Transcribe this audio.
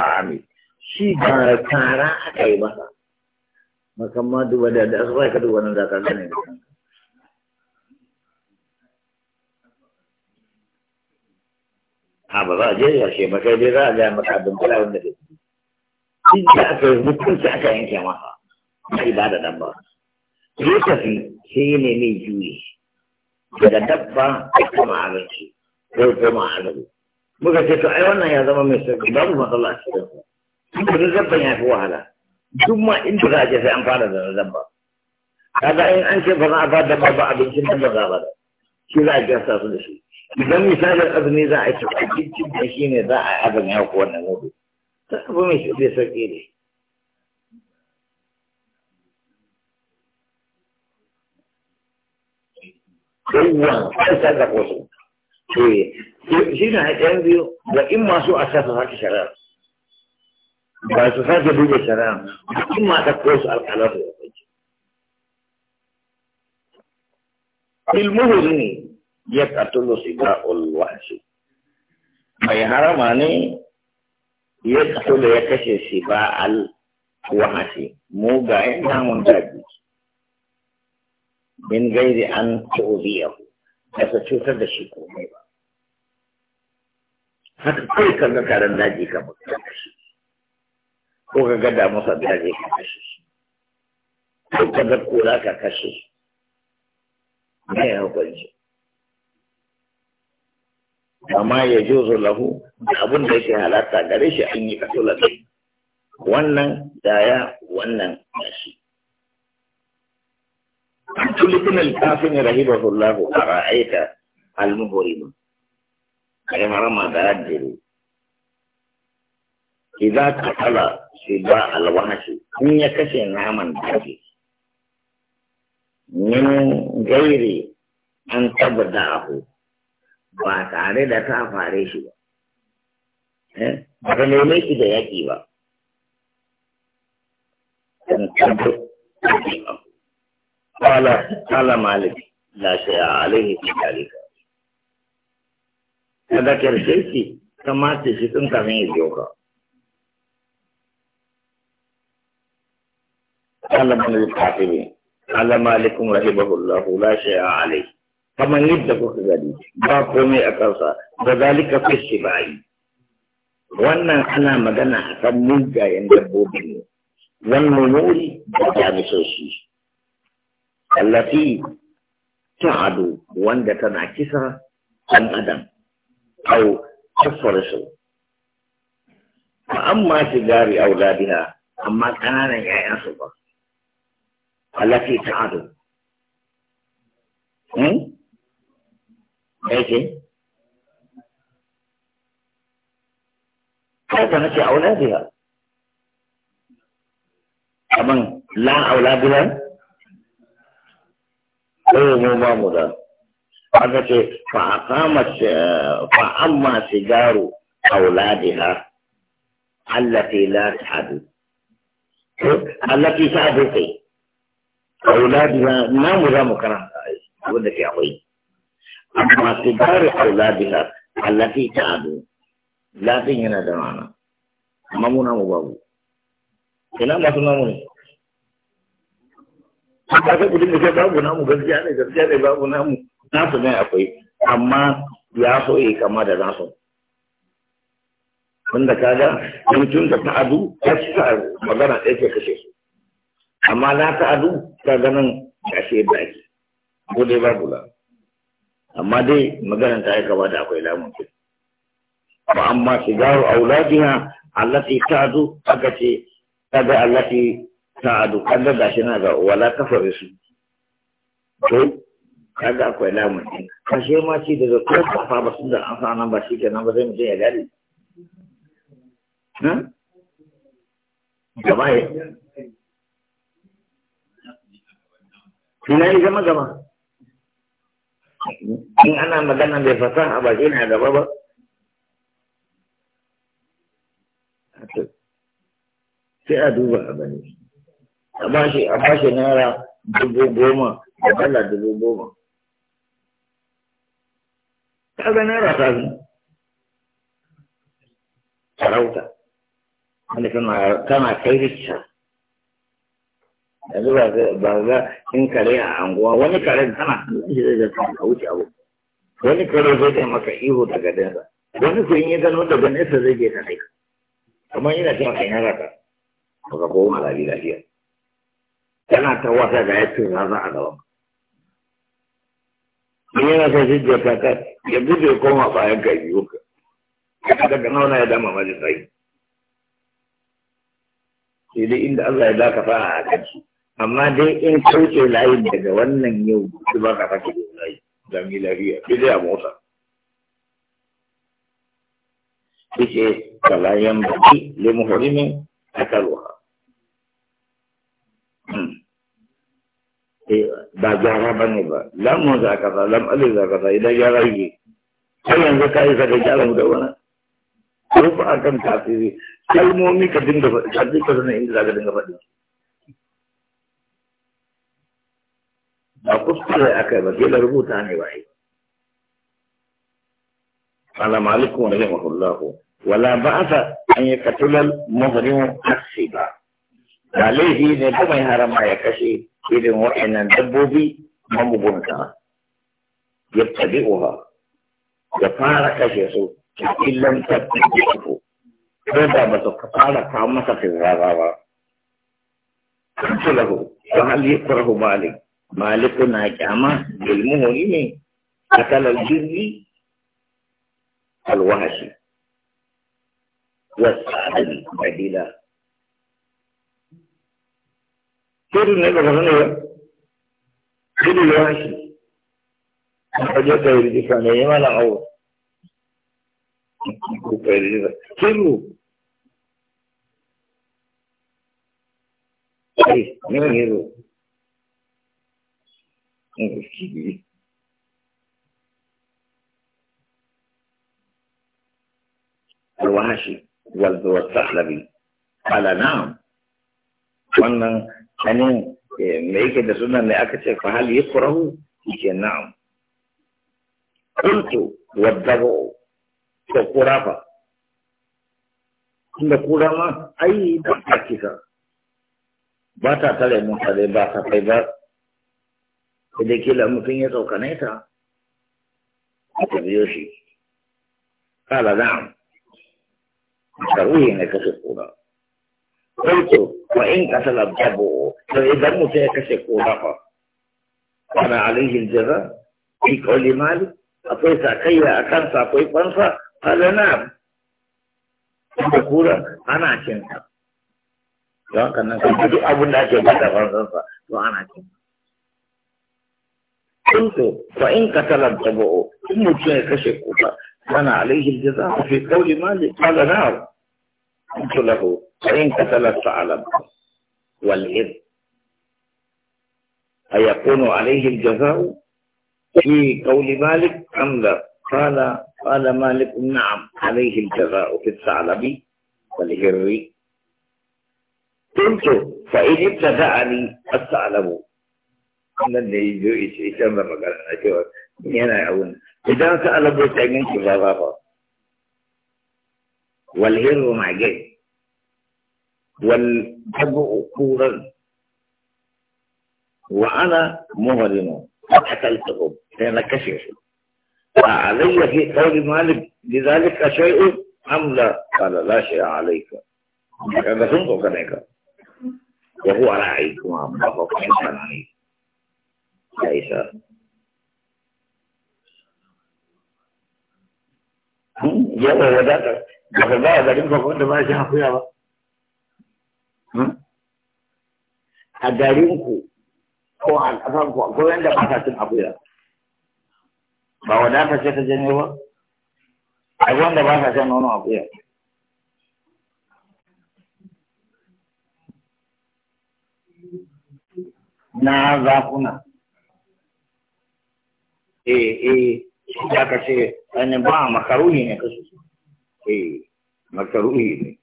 ta'ami shi gara tara aka yi masa makamma duba da da asuwa ka duba nan da ka gane ha ba za a je ya ce maka dai za a ga maka abin kula wanda ke shi da aka yi hukunci aka yanke masa na ibada dan ba ya tafi sai ne mai juyi daga dabba ya kama abinci ko koma azumi muka ce to ai wannan ya zama mai sauki babu matsala a cikin su duk zabban ya fi wahala duk ma inda za a ce sai an fara da zabba kaga in an ce ba za a ba da ba abincin da ba za ba shi za a gasa su da shi idan misalin azumi za a yi abincin da shi ne za a yi ya kuwa wannan gobe ta abu mai sauki ne yawwa sai ta ga kosu Eh, shi na ɗayan biyu da in masu a sa su sake shari'a. Ba su sake duba shari'a, in ma ta kosu alƙalar da kwanci. Ilmuhu ne ya katulu siga ulwashi. Mai harama ne ya katulu ya kashe shi ba al siga alwashi, mugayen namun daji. Min gairi an tu'uziyahu. ba su cutar da shi komai ba haka kai kan ga karen daji ka mutu da shi ko ka gada masa daji ka kashe shi ko ka ga kura ka kashe shi me ya hukunci amma ya wasu lahu abin da yake halatta gare shi an yi kaso wannan da ya wannan shi tulikin alkafin rahimahullahu a ra'aita al-muhurin ƙarfin ramadan jiri ki za ka tsala shi ba alwashi in ya kashe naman daji min gairi an taba da abu ba tare da ta fare shi ba ba ta nome shi da yaki ba قال قال مالك لا شيء عليه في ذلك تذكر شيء كما تشتم كمين يوغا قال من الكاتب قال مالك رحمه الله لا شيء عليه فمن في ذلك باقومي أكرسا وذلك في الشبعي وانا انا magana a ملجا mugayen dabbobi ne wannan nuri Kwallofi ta wanda tana kisa kan adam au asalasal. Ba'am ma gari a amma tana nan su ba. Kwallofi ta ado. Ni mafi yadda na ke a la au ko mu ba mu da aka ce fa aqama fa amma sigaru auladiha allati la tahadu allati tahadu kai auladiha na mu za mu karanta wanda ke akwai amma sigaru auladiha allati tahadu latin yana da ma'ana amma mu na mu babu ina masu namu ne Haka sai mutum da ke babu namu gaskiya ne gaskiya ne babu namu nasu ne akwai amma ya so ya kama da nasu. Wanda kaga mutum da ta'adu ya ci ta magana ɗaya ke kashe su. Amma na ta'adu ta ganin kashe baki. Ko dai babu la. Amma dai maganar ta aika ba da akwai lamun kai. Ba amma shigaru auladiha allati ta'adu aka ce ta kaga allati sa'adu kaga gashi na ga wala kafare su to kaga akwai lamun din kashe ma ci da zai kafa ba su da an sa nan ba shi nan ba zai mutum ya gane hmm? gaba ya ina yi gama? in ana magana bai fasaha a baki na gaba ba sai a duba a bane a bashi a naira dubu goma da dala dubu goma kaga naira ta fi sarauta wanda tana kai rikica yanzu ba ga in kare a anguwa wani kare tana shi zai zai ka wuce abu wani kare zai zai maka ihu daga dansa wani kuyin yi gano daga nesa zai je ta kai kamar yana cewa kai na ba ka koma lafiya kana ta wata ga ya ce za a gaba in yana ta jijjiya ta ta ya gudu ya koma bayan ga biyu ka ya daga nauna ya dama maji tsayi sai dai inda Allah ya daka fara a kan su amma dai in kauce layin daga wannan yau su ba ka fake da layi da mi lafiya sai zai a mota. Dice, kalayen baki limuhurimin kalwa. Eh, ba gyara ba ne ba lamun za ka sa lam za ka sa idan gyara yake kai yanzu ka isa ka gyara mu da wani rufa a kan tasiri kalmomi ka dinga faɗi ka dinga sanin inda za ka dinga faɗi ba kuskure a kai ba kila rubuta ne ba yi قال مالك رحمه الله ولا بأس أن يقتل المظلم السباق da laifi ne gamai mai harama ya kashe irin wa'annan dabbobi mamugunta ya tabi uwa. ya fara kashe su a illan tafi ko da ba su fara kawo masa firara ba kanto lahu wa hal yakrahu malik maliku na kyama ilmuhu ne akal al-jinni al-wahshi wa sa'ad كل نبغى هنيا كل يعيشي حاجات يريد فانا يما لا عوض كيف كيف من يرو الوحشي والذو الثحلبي قال نعم وانا hannun eh, me yake da sunan ne aka ce fahal yi kurahu yake na'am kuntu wadabu ko kurafa inda kura ma ai da ta kisa ba ta tare mun tare ba ta kai ba sai dai kila mutum ya tsokane ta aka biyo shi kala na'am karuhi ne kashe kura kwaito wa in kasa labjabu to idan mutum ya kashe kura fa wani alihin jira fi kawli mali akwai sakayya a kansa akwai kwansa hada na da kura ana cin ka don haka nan sun fito abin da ake bada fansansa to ana cin ka kwaito wa in kasa labjabu in mutum ya kashe kura wani alihin jira fi kawli mali hada na Kuntu lahu فإن كسلت على القصد والإذ أيكون عليه الجزاء في قول مالك أم لا قال قال مالك نعم عليه الجزاء في الثعلب والهر قلت فإن ابتدأني الثعلب أنا اللي ya zo ya أنا شو أنا na إذا yana yawon idan ka alabo والحب كورا وأنا مهرم فقتلتهم فأنا كشف علي في قول مالك لذلك شيء أم لا قال لا شيء عليك هذا سنتو كنك وهو راعيكما الله فإنسان عليك يا إسحاق يا wadatar يا ba يا garin يا da a garinku ko a ƙasarku ko yadda ba ta cin akuya ba wadata ce ta janyo ba akwai wanda ba ta cin nono akuya na zakuna eh eh ya ka ce ba makaruhi ne kasu eh makaruhi ne